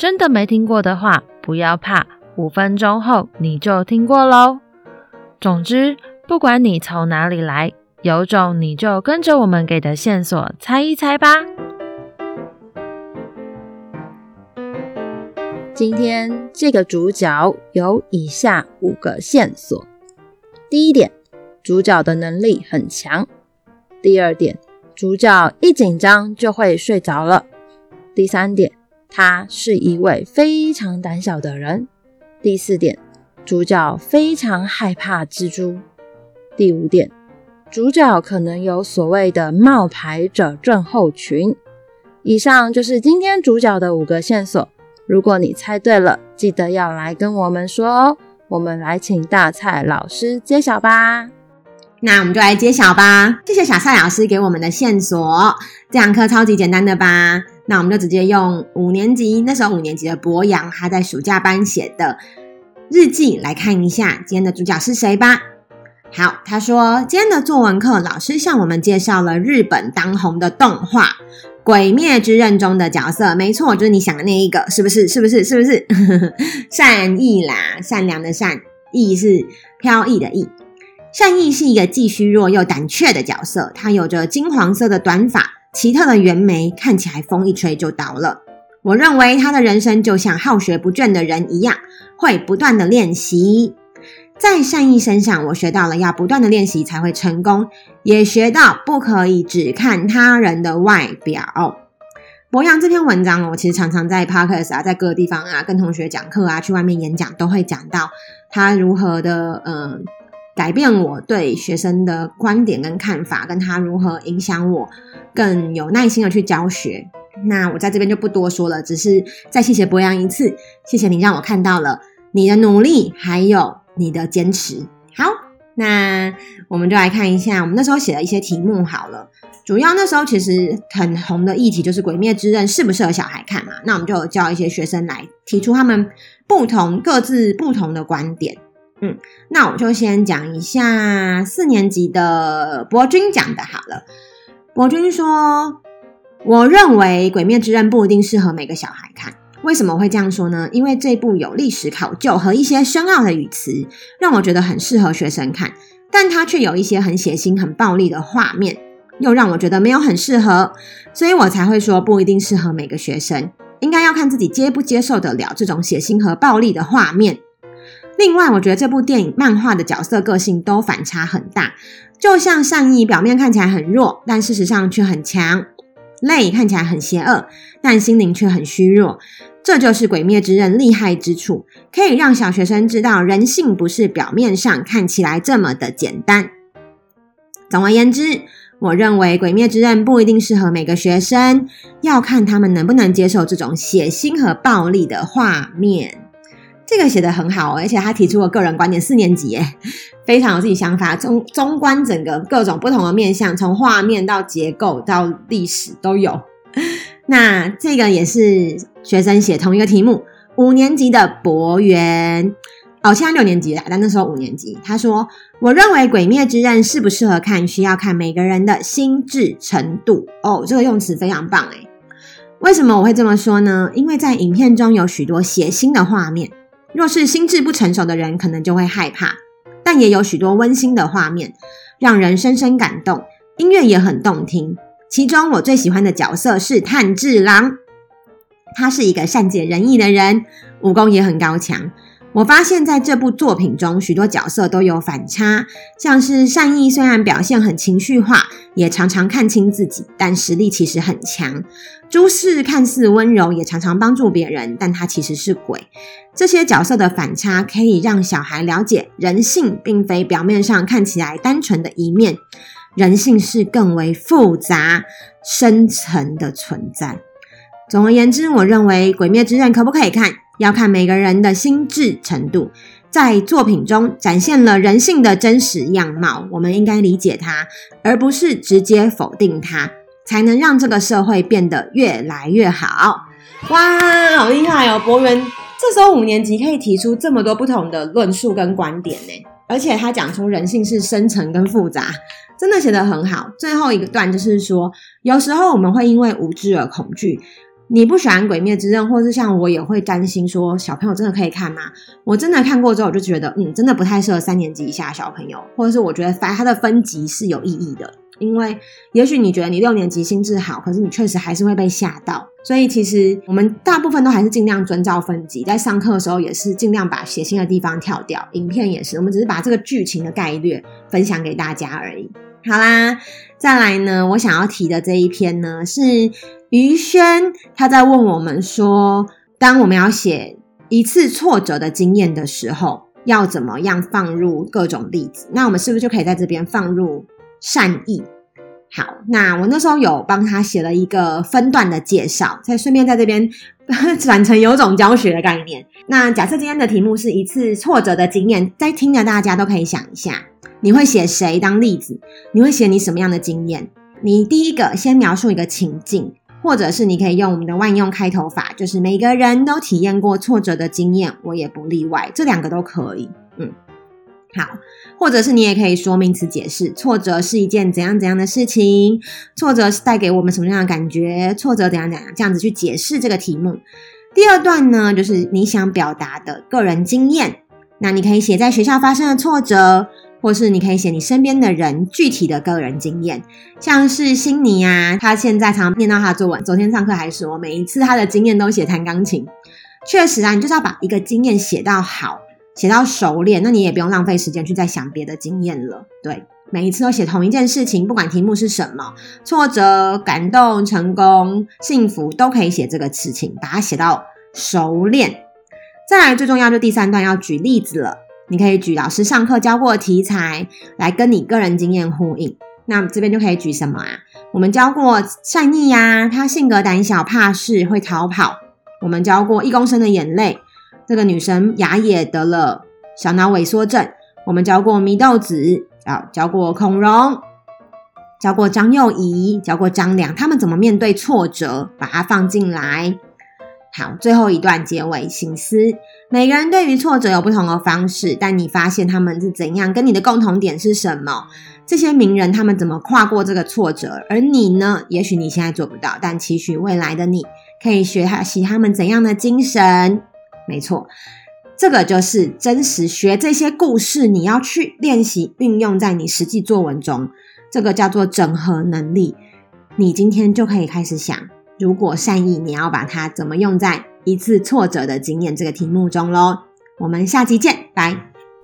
真的沒聽過的話，不要怕，五分鐘後你就聽過嘍。總之，不管你從哪裡來，有種你就跟着我們給的線索猜一猜吧。今天這個主角有以下五個線索：第一點，主角的能力很強；第二點，主角一緊張就會睡着了；第三點，他是一位非常膽小的人。第四點，主角非常害怕蜘蛛。第五點，主角可能有所謂的冒牌者症候群。以上就是今天主角的五個線索。如果你猜對了，記得要來跟我們說哦、喔。我們來請大蔡老師揭曉吧。那我們就來揭曉吧。謝謝小蔡老師給我們的線索，這堂課超級簡單的吧。那我們就直接用五年級那時候五年級的博洋他在暑假班寫的日記來看一下今天的主角是誰吧。好，他說今天的作文課老師向我們介紹了日本當紅的動畫《鬼滅之刃》中的角色，沒錯，就是你想的那一個，是不是？是不是？是不是？是不是，呵呵，善逸啦，善良的善，逸是飄逸的逸，善逸是一個既虛弱又膽怯的角色，它有着金黃色的短髮。奇特的圓眉，看起來風一吹就倒了。我認為他的人生就像好學不倦的人一樣，會不斷的練習。在善意身上，我學到了要不斷的練習才會成功，也學到不可以只看他人的外表。柏楊這篇文章，我其實常常在 podcast 啊，在各個地方啊，跟同學講課啊，去外面演講都會講到他如何的嗯。呃改變我對學生的觀點跟看法，跟他如何影響我，更有耐心的去教學。那我在這邊就不多說了，只是再謝謝博洋一次，謝謝你讓我看到了你的努力還有你的堅持。好，那我們就來看一下我們那時候寫的一些題目好了。主要那時候其實很紅的議題就是《鬼滅之刃》適不適合小孩看嘛？那我們就叫一些學生來提出他們不同各自不同的觀點。嗯，那我就先講一下四年級的博君講的好了。博君說，我認為《鬼滅之刃》不一定適合每個小孩看。為什麼我會這樣說呢？因為這部有歷史考究和一些深奧的語詞，讓我覺得很適合學生看，但它卻有一些很血腥、很暴力的畫面，又讓我覺得沒有很適合，所以我才會說不一定適合每個學生，應該要看自己接不接受得了這種血腥和暴力的畫面。另外，我覺得這部電影漫畫的角色個性都反差很大，就像善逸表面看起來很弱，但事實上卻很強；累看起來很邪惡，但心靈卻很虛弱。這就是《鬼滅之刃》厲害之處，可以讓小學生知道人性不是表面上看起來這麼的簡單。總而言之，我認為《鬼滅之刃》不一定適合每個學生，要看他們能不能接受這種血腥和暴力的畫面。這個寫得很好，而且他提出了個人觀點。四年級哎，非常有自己想法。縱縱觀整個各種不同的面向，從畫面到結構到歷史都有。那這個也是學生寫同一個題目。五年級的博元哦，現在六年級了，但那時候五年級。他說：“我認為《鬼滅之刃》適不適合看，需要看每個人的心智程度。”哦，這個用詞非常棒誒。為什麼我會這麼說呢？因為在影片中有許多血腥的畫面。若是心智不成熟的人，可能就會害怕。但也有許多溫馨的畫面，讓人深深感動。音樂也很動聽。其中我最喜歡的角色是炭治郎，他是一個善解人意的人，武功也很高強。我發現，在這部作品中，許多角色都有反差，像是善逸雖然表現很情緒化，也常常看清自己，但實力其實很強。珠世看似溫柔，也常常幫助別人，但他其實是鬼。這些角色的反差可以讓小孩了解，人性並非表面上看起來單純的一面，人性是更為複雜、深沉的存在。總而言之，我認為《鬼滅之刃》可不可以看？要看每個人的心智程度。在作品中展現了人性的真實樣貌，我們應該理解它，而不是直接否定它，才能讓這個社會變得越來越好。哇，好厲害哦，博元，這時候五年級可以提出這麼多不同的論述跟觀點呢，而且他講出人性是深層跟複雜，真的寫得很好。最後一個段就是說，有時候我們會因為無知而恐懼。你不喜歡《鬼滅之刃》，或是像我也會擔心說，小朋友真的可以看嗎？我真的看過之後，我就覺得，嗯，真的不太適合三年級以下小朋友，或者是我覺得反而它的分級是有意義的，因為也許你覺得你六年級心智好，可是你確實還是會被嚇到。所以其實我們大部分都還是儘量遵照分級，在上課的時候也是儘量把血腥的地方跳掉，影片也是，我們只是把這個劇情的概率分享給大家而已。好啦，再來呢，我想要提的這一篇呢是。於軒他在問我們說，當我們要寫一次挫折的經驗的時候，要怎麼樣放入各種例子？那我們是不是就可以在這邊放入善意？好，那我那時候有幫他寫了一個分段的介紹，再順便在這邊轉成有種教學的概念。那假設今天的題目是一次挫折的經驗，在聽的大家都可以想一下，你會寫誰當例子？你會寫你什麼樣的經驗？你第一個先描述一個情境。或者是你可以用我們的萬用開頭法，就是每個人都體驗過挫折的經驗，我也不例外。這兩個都可以，嗯，好。或者是你也可以說名詞解釋，挫折是一件怎樣怎樣的事情，挫折是帶給我們什麼樣的感覺，挫折怎樣怎樣，這樣子去解釋這個題目。第二段呢，就是你想表達的個人經驗，那你可以寫在學校發生的挫折。或是你可以寫你身邊的人具體的個人經驗，像是心妮啊，她現在常念到她的作文。昨天上課還說，每一次她的經驗都寫彈鋼琴。確實啊，你就是要把一個經驗寫到好，寫到熟練，那你也不用浪費時間去再想別的經驗了。對，每一次都寫同一件事情，不管題目是什麼，挫折、感動、成功、幸福，都可以寫這個事情，把它寫到熟練。再來，最重要就第三段要舉例子了。你可以舉老師上課教過的題材來跟你個人經驗呼應，那這邊就可以舉什麼啊？我們教過善意呀、啊，她性格膽小怕事，會逃跑。我們教過一公升的眼淚，這個女生雅也得了小腦萎縮症。我們教過祢豆子，教、啊、教過孔融，教過張幼儀，教過張良，他們怎麼面對挫折，把它放進來。好，最後一段結尾，省思。每個人對於挫折有不同的方式，但你發現他們是怎樣，跟你的共同點是什麼？這些名人他們怎麼跨過這個挫折？而你呢？也許你現在做不到，但期許未來的你可以學習他們怎樣的精神。沒錯，這個就是真實學這些故事，你要去練習運用在你實際作文中。這個叫做整合能力。你今天就可以開始想，如果善意，你要把它怎麼用在？一次挫折的經驗這個題目中嘍，我們下集見，拜。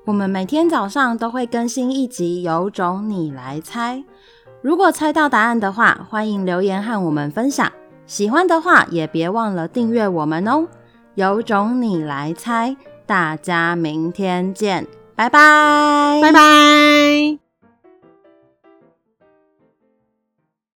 我們每天早上都會更新一集《有種你來猜》，如果猜到答案的話，歡迎留言和我們分享。喜歡的話也別忘了訂閱我們哦、喔。有種你來猜，大家明天見，拜拜，拜拜。